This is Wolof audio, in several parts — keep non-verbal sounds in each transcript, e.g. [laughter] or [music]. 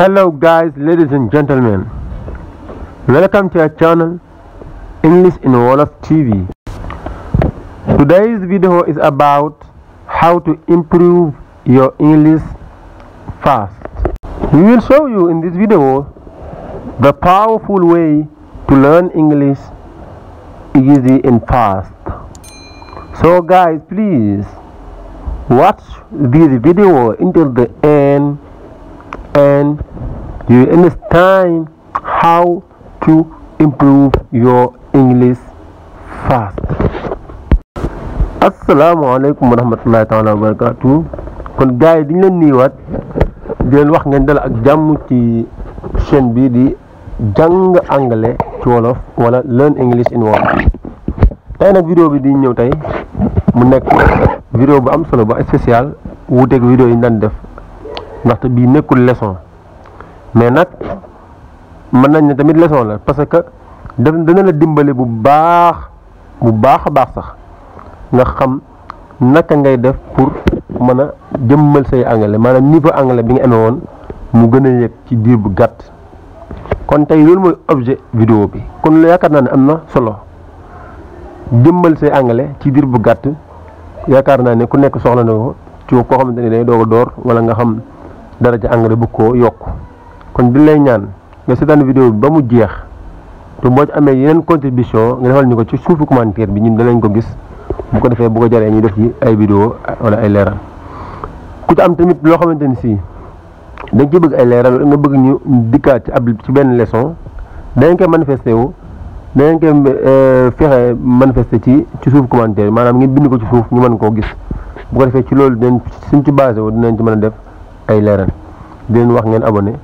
Hello guys, ladies and gentlemen. Welcome to our channel English in Wolof TV. Today's video is about how to improve your English fast. We will show you in this video the powerful way to learn English easy and fast. So guys, please watch this video until the end and you understand how to improve your English fast. Assalamu alaikum wa wabarakatuh. ta'ala wa Kon gaay diñ leen niwat di leen wax ngeen dal ak jamm ci chaîne bi di jang anglais ci wolof wala learn english in wolof. Tay nak video bi di ñew tay mu nekk video bu am solo bu spécial wuté ak video yi ñu def ndaxte bi nekkul leçon mais nag mën nañ ne tamit leçon la parce que daf dana la dimbali bu baax bu baax a baax sax nga xam naka ngay def pour mën a jëmbal say anglais maanaam niveau anglais bi nga amee woon mu gën a yëg ci diir bu gàtt kon tey loolu mooy objet vidéo bi kon yaakaar naa ne am na solo jëmbal say anglais ci diir bu gàtt yaakaar naa ne ku nekk soxla ne ko ci koo xam ne day doog door wala nga xam dara ci anglais bu ko yokk kon di lay ñaan nga sétane vidéo bi ba mu jeex te mo ci amee yeneen contribution nga defal ñuko ci suufu commentaire bi ñun lañ ko gis bu ko defee bu ko jaré ñu def ci ay vidéo wala ay léral ku ci am tamit lo xamanteni si dañ ci bëgg ay léral nga bëgg ñu dikka ci ab ci ben leçon danañ koy manifesté wu danañ euh fexé manifesté ci ci suuf commentaire manam ngeen bind ko ci suuf ñu mën ko gis bu ko defee ci lool dañ suñ ci basé wu dinañ ci mëna def ay léral di wax ngeen abonné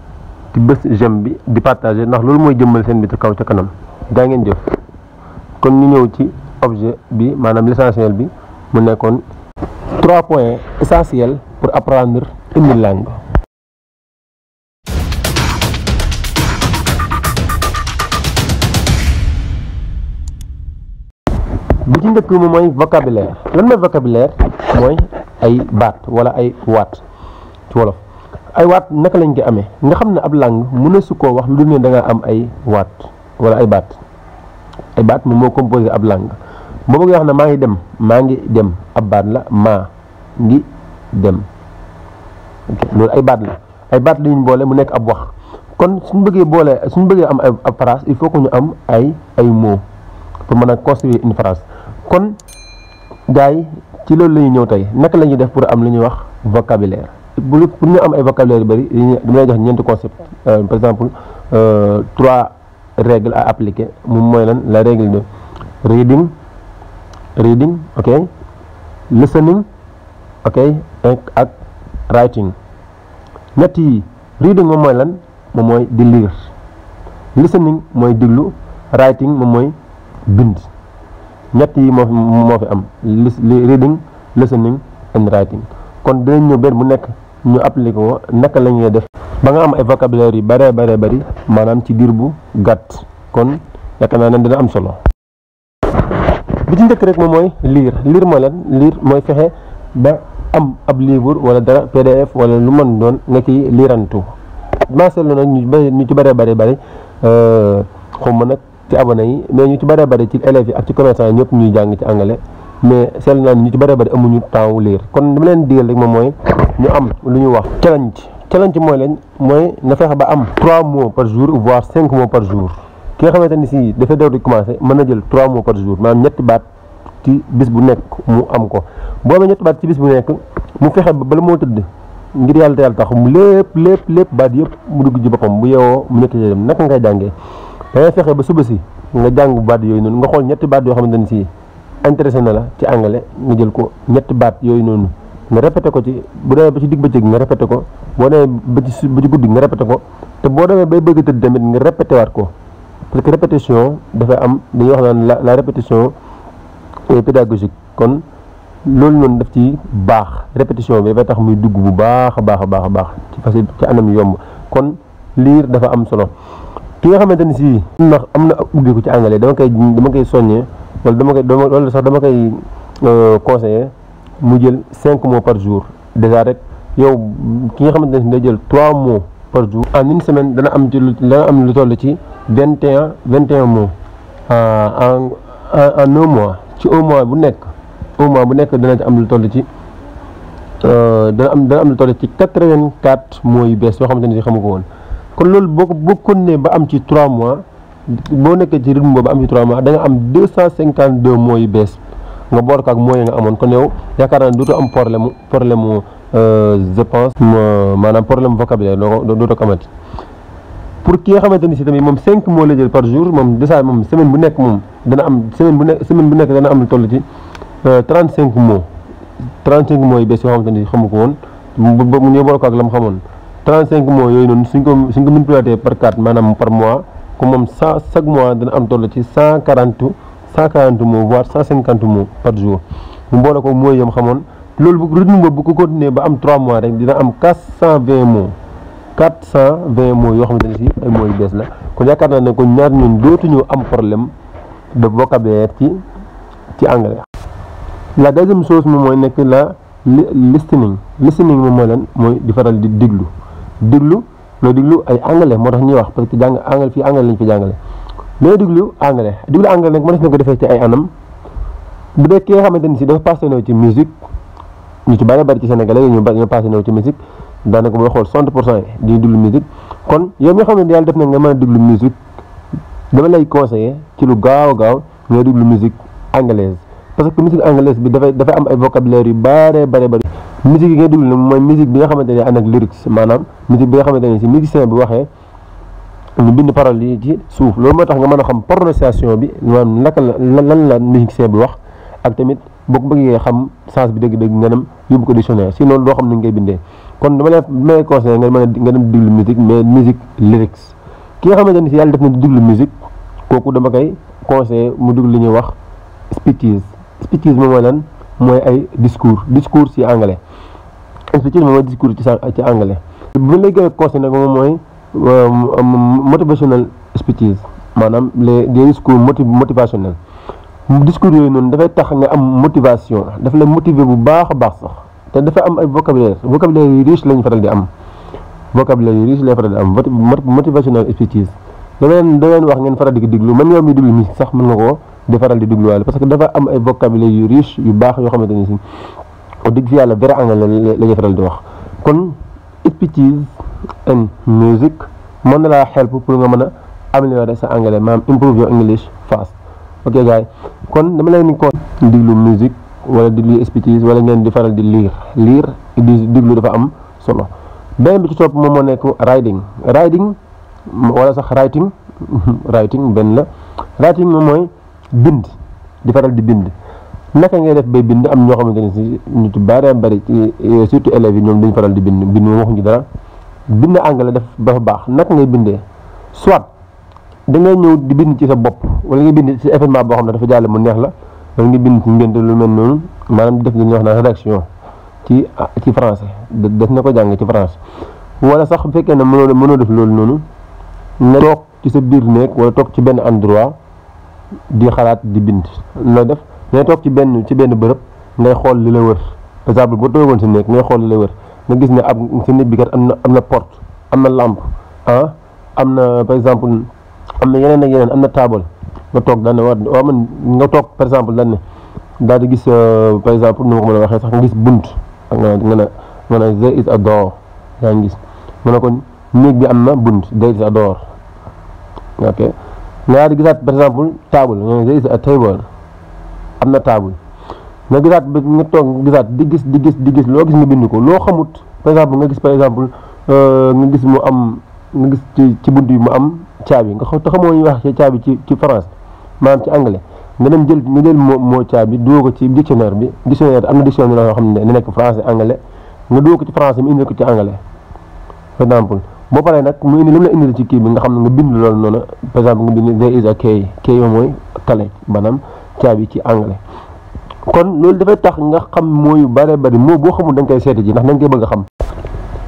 di bës j'aime bi di partager ndax loolu mooy jëmmal seen bit kaw ca kanam daa ngeen jëf kon ñu ñëw ci objet bi maanaam l'essentiel bi mu nekkoon trois points essentiels pour apprendre une langue bi ci njëkk mooy ay baat wala ay waat ci wolof ay waat naka lañ ko amee nga xam ne ab làng mën a su koo wax lu dul ne da am ay waat wala ay baat ay baat moom moo composé ab làng boo bëggee wax ne maa ngi dem maa ngi dem ab baat la maa ngi dem loolu ay baat la ay baat la ñu boole mu nekk ab wax kon suñu bëggee boole suñu bëggee am ab phrase il faut que ñu am ay ay moo pour mën a construire une phrase kon gars yi ci loolu lañuy ñëw tey naka lañuy def pour am lu ñuy wax vocabulaire. bu pour ñu am ay vocabulaire bari dama lay jox ñent concept euh, par exemple euh trois règles à appliquer mom moy lan la règle de reading reading okay listening okay ak ak writing ñett reading mom moy lan mom moy di lire listening moy diglu writing mom moy bind ñett yi mo mo fi am reading listening and writing kon dañ ñëw ben bu nekk ñu appliqué ko naka la def ba nga am ay vocabulaire yu bëree bëree bari maanaam ci diir bu gàtt kon yaakaar naa ne dina am solo. bi ci njëkk rek moom mooy liir liir mooy lan liir mooy fexe ba am ab livre wala dara PDF wala lu mën doon nga ciy liirantu maa seetlu nag ñu bëri ñu ci bëree bëri bari euh, xaw ma nag ci abonné yi mais ñu ci bare bari ci élèves yi ak ci commerçant yi ñëpp ñuy jàng ci anglais. mais seetlu naa ñu ci bare bëri amuñu temps wu liir kon leen digal moom mooy ñu am lu ñuy wax challenge challenge mooy lañ mooy na fexe ba am 3 mots par jour voire 5 mots par jour ki nga xamante ni si dafay door di commencé mën na jël 3 mots par jour maanaam ñetti baat ci bis bu nekk mu am ko boo amee ñetti baat ci bis bu nekk mu fexe ba bala moo tëdd ngir yàlla te yàlla tax mu lépp lépp lépp baat yëpp mu dugg ci boppam bu yeewoo mu nekk ci dem naka ngay jàngee da ngay fexe ba suba si nga jàng baat yooyu noonu nga xool ñetti baat yoo xamante ni si intéressé na la ci anglais ñu jël ko ñett baat yoy non nga répété ko ci bu dé ba ci digg bëccëg nga répété ko bo demee ba ci ci guddi nga répété ko té bo demee bay bëgg tëdd tamit nga répété waat ko parce que répétition dafa am dañuy wax naan la la répétition est pédagogique kon loolu noonu daf ci baax répétition bi ba tax muy dugg bu baax a baax a baax a baax ci parce que ci anam yomb kon lire dafa am solo ki nga xamante ni si ndax am na ubbiku ci anglais dama koy dama koy soññee loolu dama koy loolu sax dama koy euh, conseiller mu jël cinq mots par jour déjà rek yow ki nga xamante ne day jël trois mois par jour en une semaine dana am ci lu dana am lu toll ci vingt et un vingt et un euh, en en mois ci un mois bu nekk un mois bu nekk dana ci am lu toll ci euh, dana am dana am lu toll ci quatre vingt quatre mots yu bees yoo xamante ne si xamu ko woon kon loolu boo ko boo ko ba am ci trois mois boo nekkee ci rythme boobu am ci 3 mois da nga am 252 mois yu bees nga boor ko ak mois yi nga amoon kon yow yaakaar naa ne dootoo am problème mu problème mu euh, je pense maanaam problème vocabulaire doo ko dootoo ko amati. pour ki nga xamante ni si tamit moom cinq mois la jël par jour moom déjà moom semaine bu nekk moom dana am semaine bu nekk semaine dana am lu toll ci 35 euh, mois 35 mois yu bees yoo xamante ni ko woon mu ba mu ñëw ko ak la mu xamoon 35 mois yooyu noonu suñ maanaam par mois. ko moom cent chaque mois dana am toll ci cent quarante cent quarante mots voire cent cinquante mots par jour mu boole ko mooy yam xamoon loolu bu rythme boobu bu ko continuer ba am trois mois rek dina am quatre cent vingt mots cent vingt mots yoo xamante ne si ay mots yu bees la kon yaakaar naa ne kon ñaar ñun ñu am problème de vocabulaire ci ci anglais. la deuxième chose moom mooy nekk la listening listening moom mooy lan mooy di faral di diglu diglu. loo déglu ay anglais moo tax ñuy wax parce que jàng anglais fii anglais lañ fi jàngale loo déglu anglais déglu anglais nag mënees na ko defee ci ay anam bu dee ki xamante ni si dafa passionné ci musique ñu ci bari bari ci sénégalais ñu bari ñu passionné ci musique daanaka booy xool 60 pour cent di déglu musique kon yow mi nga xam ne def na nga mën a déglu musique dama lay conseiller ci lu gaaw a gaaw nga diglu musique anglaise parce que musique anglaise bi dafay dafay am ay vocabulaire yu bare bare bare musique yi ngay dugg nag mooy musique bi nga xamanteni ne ànd ak lyrics maanaam musique bi nga xamanteni ne si musicien bi waxee ñu bind parole yi ci suuf loolu moo tax nga mën a xam prononciation bi maanaam naka la lan la musicien bi wax ak tamit boo ko bëggee xam sens bi dëgg-dëgg nga dem yóbbu ko dictionnaire sinon doo xam ni ngay bindee kon dama lay may conseillé nga mën a nga dem déglu musique mais musique lyrics ki nga xamanteni ne si yàlla def na dugg déglu musique kooku dama koy conseillé mu dugg li ñuy wax speeches spiritisme mooy lan mooy ay discours discours ci anglais spiritisme mooy discours ci ci anglais. bu lay gën a conseillé nag moom mooy euh, motivational spiritisme maanaam les des discours motivationnels discours yooyu noonu dafay tax nga am motivation daf lay motiver bu baax a baax sax te dafa am ay vocabulaire vocabulaire yu riche lañu faral di am vocabulaire yu riche lañu faral di am motivational spiritisme da leen da leen wax ngeen faral di ko déglu même yow mi déglu mi sax mën ko. di faral di dégluwaale parce que dafa am ay vocabulaire yu riche yu baax yoo xamante ni si wax dëgg fi yàlla vrai anglais la ñuy faral di wax kon expertise and music mën na laa xel pour nga mën a améliorer sa anglais maanaam improve your English fast ok gars yi kon dama leen ni ko diglu musique wala diglu expertise wala ngeen di faral di lire liir di diglu dafa am solo beneen bi ci topp moom moo nekk writing writing wala sax writing [laughs] writing benn la writing moom mooy bind di faral di bind naka ngay def bay bind am ño xamanteni ci si ñu ci bare bari eh, surtout élèves ñom dañu faral di bind bind moom waxuñu dara bind anglais def ba baax naka ngay bindé soit da ngay ñew di bind ci sa bop wala nga bind ci événement bo xam dafa jàll mu neex la wala nga bind ci ngénte lu mel non manam def li ñuy wax na rédaction ci ci français def nako jang ci français wala sax fekké na mëno mëno def lool nonu na tok ci sa bir nek wala tok ci ben endroit di xalaat di bind loo def ngay toog ci benn ci benn bërëb ngay xool li la wër par exemple boo toogoon sa néeg ngay xool li la wër nga gis ne ab sa nit bi kat am na am na porte am na lampe ah am na par exemple am na yeneen ak yeneen am na table nga toog daan ne war waa man nga toog par exemple daan ne daal di gis euh, par exemple nu ma ko mën a waxee sax nga gis bunt nga nga ne nga ne there is a door yaa ngi gis mu ne ko néeg bi am na bunt there is a door ok nga daal di gisaat par exemple taabul nga ne is eh, am na taabul nga gisaat ba nga toog gisaat di gis di gis di gis loo gis nga bind ko loo xamut par exemple nga gis par exemple euh, nga gis mu am nga gis ci ci bunt bi mu am caabi nga xam te xamoo ñuy wax ci caabi ci ci France maanaam ci anglais nga dem jël nga jël moo moo caabi dugal ko ci dictionnaire bi dictionnaire am na dictionnaire yoo xam ne nekk français anglais nga dugal ko ci français mu indi ko ci anglais par exemple. boo paree nag mu indi li mu la ci kii bi nga xam ne nga bind loolu noonu par exemple nga bind there is a key mooy kale maanaam caabi ci anglais kon loolu dafay tax nga xam mooyu bare bari moo boo xamul da nga koy seeti ji ndax da nga koy bëgg a xam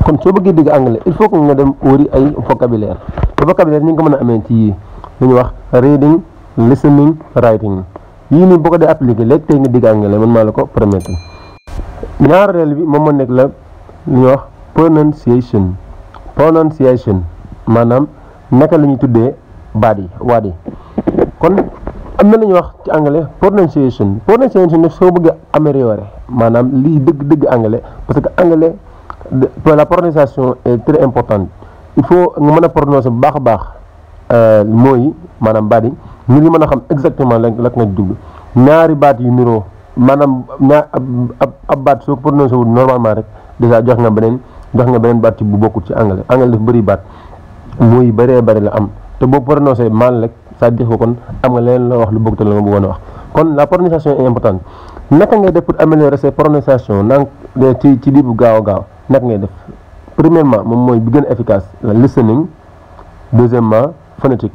kon soo bëggee digg anglais il faut que nga dem wëri ay vocabulaire te vocabulaire ñu ngi ko mën a amee ci yii lu ñuy wax reading listening writing yii nii boo ko dee appliqué léegi tey nga dégg anglais man maa la ko promettre ñaareel bi moom moo nekk la lu ñuy wax prononciation Pronunciation, manam naka lañu tuddé body, wadi. kon amna lañu wax ci anglais pronunciation pronunciation ne so bëgg a améliorer maanaam lii dëgg-dëgg anglais parce que anglais la prononciation est très importante il faut nga mëna prononcer bax bax euh moy manam yi maanaam ñu mën a xam exactement la la nga dugg ñaari baat yu niro manam ab ab baat normalement rek déjà jox nga benen jox nga beneen baat ci bu bokkul ci anglais anglais daf bëri baat muy bëree bëri la am te boo prononcé mal rek c'est-à-dire kon am nga leneen loo wax lu bokkul la nga bëggoon a wax kon la prononciation est importante naka ngay def pour améliorer sa prononciation naan eh, ci ci lii bu gaaw a gaaw naka ngay def premièrement moom mooy bi gën a efficace la listening deuxièmement phonétique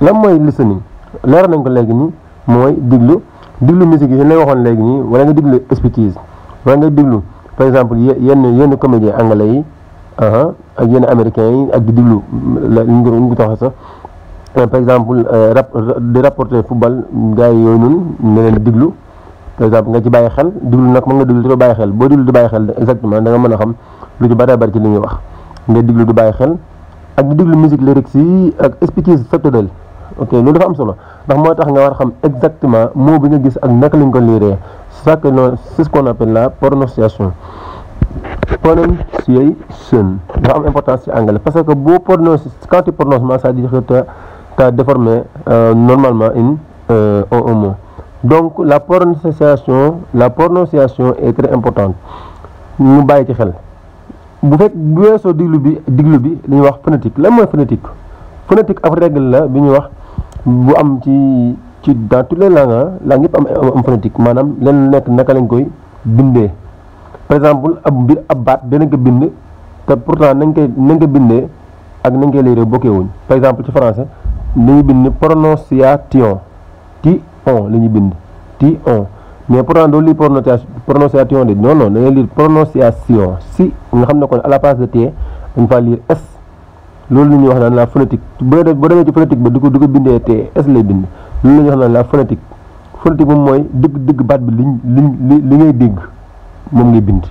lan mooy listening leer nañ ko léegi nii mooy diglu diglu musique yi lay waxoon léegi nii wala nga diglu expertise wala nga diglu par exemple yenn yenn comédien anglais yi ak yenn américains yi ak di diglu la ñu ngi ko euh, par exemple euh, rap di rapporter football gars yooyu noonu ne leen diglu par exemple nga ci bàyyi xel diglu nag mën nga diglu te bàyyi xel boo diglu di bàyyi xel exactement da nga mën a xam lu ci bari bari ci li ñuy wax nga diglu di bàyyi xel ak di diglu musique lyrics si ak expertise sectorielle ok loolu dafa am solo ndax moo tax nga war a xam exactement mot bi nga gis ak naka lañ ko liiree ça que c'est ce qu'on appelle la prononciation ça a une importance ci anglais parce que beau prononce quand tu prononces mal ça veut dire que tu as, as déformé euh, normalement une euh, un mot donc la prononciation la prononciation est très importante nous bàyyi ci xel bu fekk bu weesoo diglu bi diglu bi wax phonétique lan phonétique phonétique après règle la bi ci dans toutes les langues ah langue yëpp am am phonétique maanaam leen nekk naka lañ koy bindee par exemple ab mbir ab baat danañ ko bind te pourtant nañ koy nañ ko bindee ak nañ koy léeree bokkee wuñ par exemple ci français dañuy bind prononciation ti on la ñuy bind ti on mais pourtant doo lii prononciation prononciation de non non da ngay lire prononciation si nga xam ne kon à la place de t dañ faa lire s loolu la wax naan la phonétique boo demee ci phonétique ba di ko bindee t s lay bind li nga xam ne la phonétique phonétique moom mooy dëgg dëgg baat bi liñ liñ li ngay dégg moom ngay bind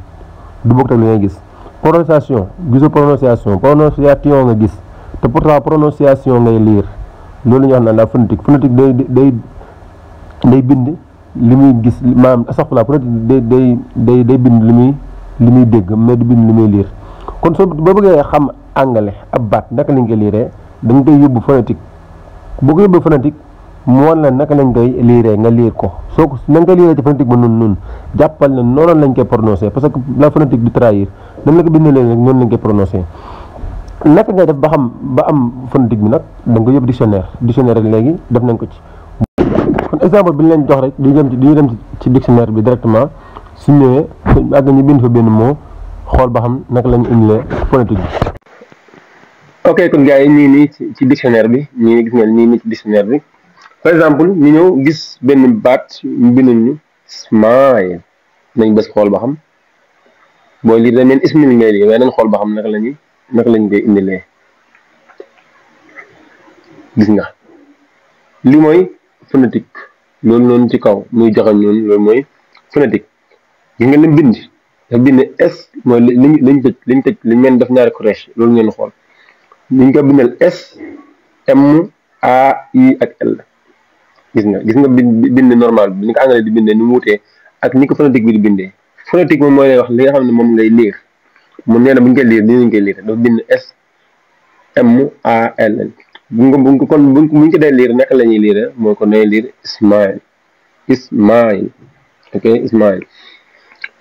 du bokk tam li ngay gis prononciation gisoo prononciation prononciation nga gis te pourtant prononciation ngay liir loolu ñu xam ne la phonétique phonétique day day day bind li muy gis maanaam sax day day bind li muy li muy dégg mais du bind li muy liir kon soo boo bëggee xam anglais ab baat naka lañ koy liiree da nga koy yóbbu phonétique boo ko yóbbu phonétique mu wan la naka lañ koy liiree nga liir ko soo ko na nga koy liiree ci phonétique ba nun nun jàppal ne noonu lañ koy prononcé parce que la phonétique du trahir dama la ko bindee leen rek noonu lañ koy prononcé naka ngay def ba xam ba am phonétique bi nag da nga ko yóbbu dictionnaire dictionnaire rek léegi def nañ ko ci kon exemple bi ñu leen jox rek duñu dem ci duñu dem ci dictionnaire bi directement su ñëwee ak ñu bind fa benn mot xool ba xam naka lañ indilee phonétique bi ok kon gars yi ñii nii ci dictionnaire bi ñii gis ngeen nii nii ci dictionnaire bi par exemple ñu ñëw gis benn baat binduñ ñu smile nañ bës xool ba xam booy lii dañ leen ismil ngay lii waaye nañ xool ba xam naka lañuy naka lañ koy indilee gis nga li mooy phonétique loolu noonu ci kaw muy joxam noonu loolu mooy phonétique gis nga lim bind daf bind s mooy liñ liñ tëj liñ tëj liñ mel def ñaari crèche loolu ngeen xool liñ ko bindal s m a i ak l gis nga gis nga bind normal bi ni ko anglais di bindee ni mu wutee ak ni ko phonétique bi di bindee phonétique moom mooy lay wax li nga xam ne moom ngay liir mu nee na bu ñu koy liir dinañ koy liir dafa bind S M A L N ko kon buñ buñ ko dee liir naka la ñuy liir moo ko nay liir Ismaïl Ismaïl ok Ismaïl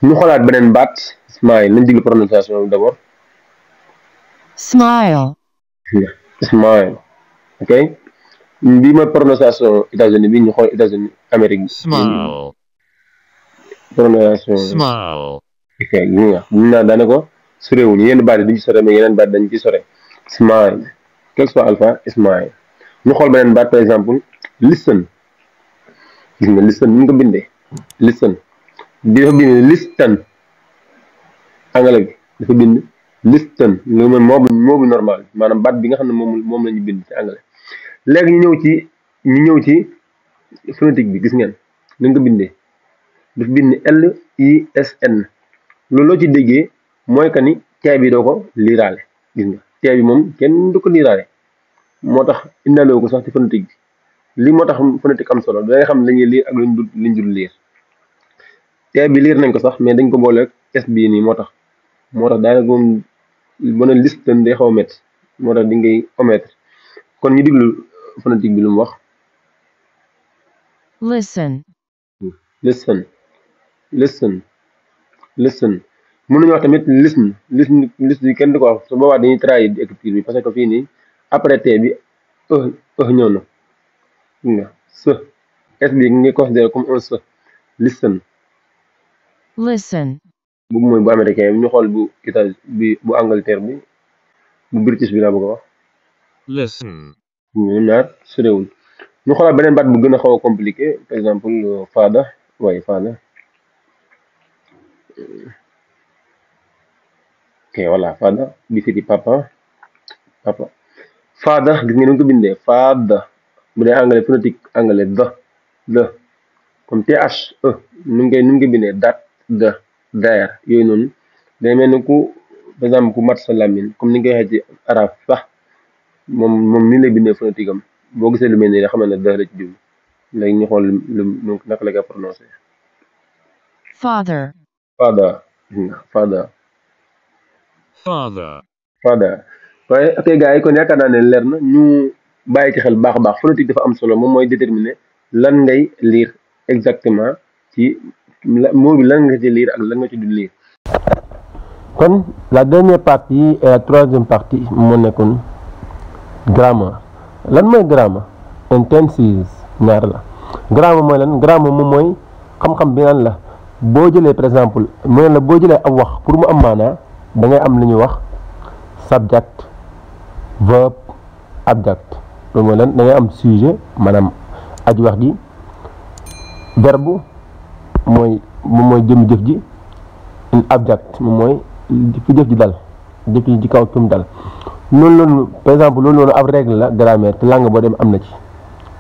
ñu xoolaat beneen baat Ismaïl nañ diglu prononciation bi d'abord. Smile. Ismaïl ok. Bima mooy prononciation États-Unis bi ñu xool États-Unis Amérique. small prononciation. smile. ok ñu nga ñu naan daanaka sorewul yenn baat yi duñ sore mais yeneen baat dañ ci sore. smile. quel soit alpha smile. ñu kalau beneen baat par exemple listen. gis nga listen ni ko listen. di dafa bind listen. anglais bi dafa bind listen. loolu mooy moo bu normal maanaam baat bi nga xam ne moom moom la ñu léegi ñu ñëw ci ñu ñëw ci phonétique bi gis ngeen ni ko bindee daf bind L loolu loo ci déggee mooy que ni tee bi doo ko liiraale gis nga tee bi moom kenn du ko liiraale moo tax indaaloo ko sax ci phonétique bi lii moo tax phonétique am solo da ngay xam lañuy liir ak luñ dul liñ liir tee bi liir nañ ko sax mais dañ ko boole ak nii moo tax moo tax daanaka moom ba ne liste day xaw a moo tax di ngay kon ñu diglu phonétique bi lu wax. listen. listen listen listen mënu ñu wax tamit listen listen listen kenn du ko wax su boba dañuy trahir écriture bi parce que fii nii après té bi euh oh, euh oh, ñono nga se s bi ngi considéré comme un oh, se listen. listen. bu moy bu américain ñu xol bu état bi bu Angleterre bi bu British bi la bëgg wax. listen ñu naat sorewul ñu xolal benen baat bu gëna xaw compliqué par exemple fada way faada ok voilà fada bi di papa papa fada gis ngeen ko bindé fada bu dee anglais phonétique anglais da da comme th e nu ngi koy nu ngi bindé dat the der yoy noonu day melni ku par exemple ku mat salamin comme ni nga xati arab fah moom moom nii lay bindee phonétique am boo gisee lu mel nii xamal ne daal la ci jublu léegi ñu xool lu lu naka la ko prononcé. father. father. father. waaye ok gars yi kon yaakaar naa ne leer na ñu bàyyi ci xel baax a baax phonétique dafa am solo moom mooy déterminer lan ngay liir exactement ci mot bi lan nga ci lire ak lan nga ci du lire. kon la dernière partie et la troisième partie moo nekkoon. grammar lan moy grammar intensive ñaar la grammar moy lan grammar mo moy xam-xam bi nan la bo jëlee par exemple mo la bo jëlee ab wax pour mu am mana da ngay am liñu wax subject verb object. do mo lan da ngay am sujet manam aji wax gi verbe moy mo moy jëm jëf ji mo moy di fi jëf ji dal fi ji kaw tum dal loolu noonu par exemple loolu noonu ab règle la grammaire te langue boo dem am na ci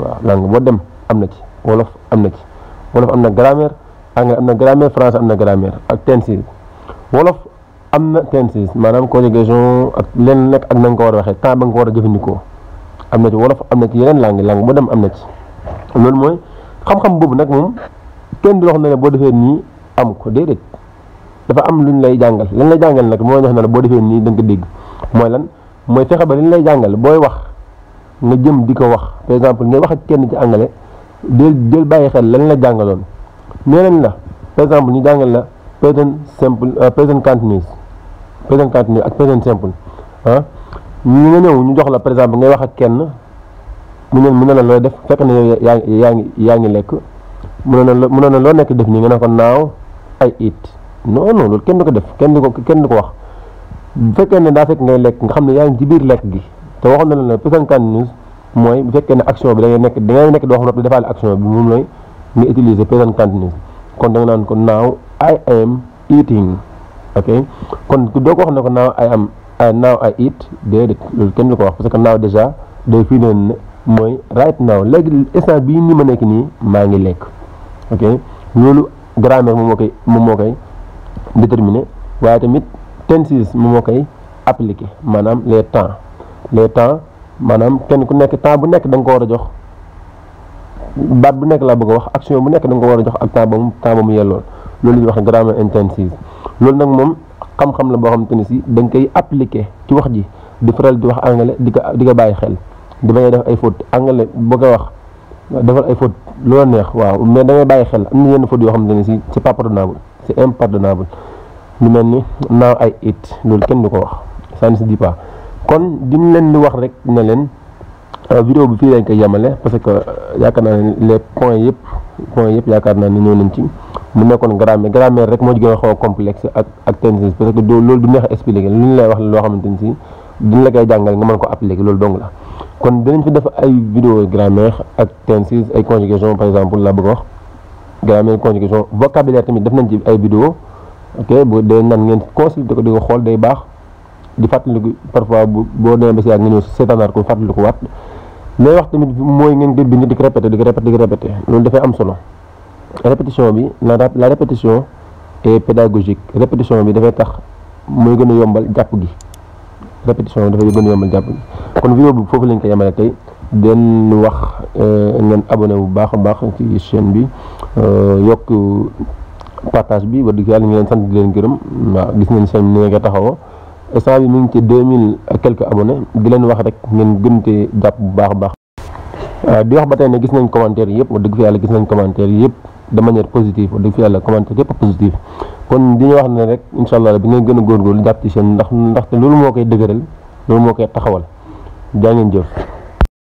waaw langue boo dem am na ci wolof am na ci wolof am na grammaire anglais am na grammaire français am na grammaire ak tenses wolof am na tenses maanaam conjugation ak lenn nekk ak ko war a waxee temps a jëfandikoo am na ci wolof am na ci yeneen langue langue boo dem am na ci loolu mooy xam-xam boobu nag moom kenn du wax ne boo defee nii am ko déedéet dafa am ñu lay jàngal lan lay jàngal nag moo na ne boo defee nii da nga ko dégg mooy lan. mooy fexe ba li lay jàngale booy wax nga jëm di ko wax par exemple ngay wax ak kenn ci anglais del del bàyyi xel lan la jàngaloon nee la exemple ñu jàngal la present simple euh, present continuous present continuous ak present simple ah ñu nga ñëw ñu jox la par exemple ngay wax ak kenn mu ne mu ne la looy def fekk na yow yaa ngi yaa ngi lekk mu ne la mu ne loo nekk def nii nga ne ko naaw ay it non non loolu kenn du ko def kenn du ko kenn du ko wax. bu fekkee na daa fekk ngay lekk nga xam ne yaa ngi ci biir lekk gi te waxoon na la ne mooy bu fekkee ne action bi da nekk da ngay nekk doo xam ne defaale action bi moom mooy kon da nga ko now I ko wax ne ko now I am uh, eat déedéet loolu kenn du ko wax parce que now déjà day fii noonu ne mooy right now léegi instant bii ni ma nekk nii maa ngi lekk ok loolu grammaire moo moo koy déterminer waaye tamit. TEN6 moom moo koy appliqué maanaam les temps les temps maanaam kenn ku nekk temps bu nekk da ko war a jox baat bu nekk laa bëgg a wax action bu nekk da nga ko war a jox ak temps ba mu temps ba mu yellool loolu ñuy wax grammaire intensive loolu nag moom xam-xam la boo xam te ni si da nga koy appliqué ci wax ji di faral di wax anglais di ko di ko bàyyi xel di bañ a def ay faute anglais boo ko wax defal ay faute loola neex waaw mais da ngay bàyyi xel am na yenn faute yoo xam te ni si c'est pas pardonnable lu mel ni now ay eat loolu kenn du ko wax ça ne se dit pas kon diñ leen di wax rek ne leen euh, vidéo bi fii lañ koy yemale parce que euh, yaakaar naa ne les points yëpp points yëpp yaakaar naa ne ñëw nañ ci mu nekkoon grammaire grammaire rek moo ci gën a xaw complexe ak ak tenses parce que loolu du neex expliqué lu ñu lay wax loo xamante ni si duñ la koy jàngal nga mën ko appliquer loolu dong la kon dinañ fi def ay vidéo grammaire ak tenses ay conjugation par exemple la bëgg wax grammaire conjugation vocabulaire tamit def nañ ci ay vidéo ok bu dee nan ngeen consulté ko di ko xool day baax di fàttaliku parfois bu boo demee ba si ak nga ñëw seetaanaat ko fàttaliku waat mais wax tamit mooy ngeen gën bind di ko répété di ko répété di ko répété loolu dafay am solo répétition bi la la répétition est pédagogique répétition bi dafay tax mooy gën a yombal jàpp gi répétition bi dafay gën a yombal jàpp gi kon vidéo bi foofu lañ ko yemale tey den wax euh, ngeen abone bu baax a baax ci chaîne bi euh, yokk partage bi wax dëgg yàlla ñu leen sant di leen gërëm waaw gis nañ seen ni nga taxawoo instant bi mu ngi ci deux mille quelques abonnés di leen wax rek ngeen gënte jàpp bu baax a baax. Euh, di wax ba tey ne gis nañ commentaire yëpp wax dëgg fi yàlla gis nañ commentaire yëpp de manière positive wax dëgg fi kon di ñu wax ne rek incha allah bi ngeen gën a góorgóorlu jàpp ci seen ndax ndaxte loolu moo koy dëgëral loolu moo koy taxawal jaa ngeen jëf.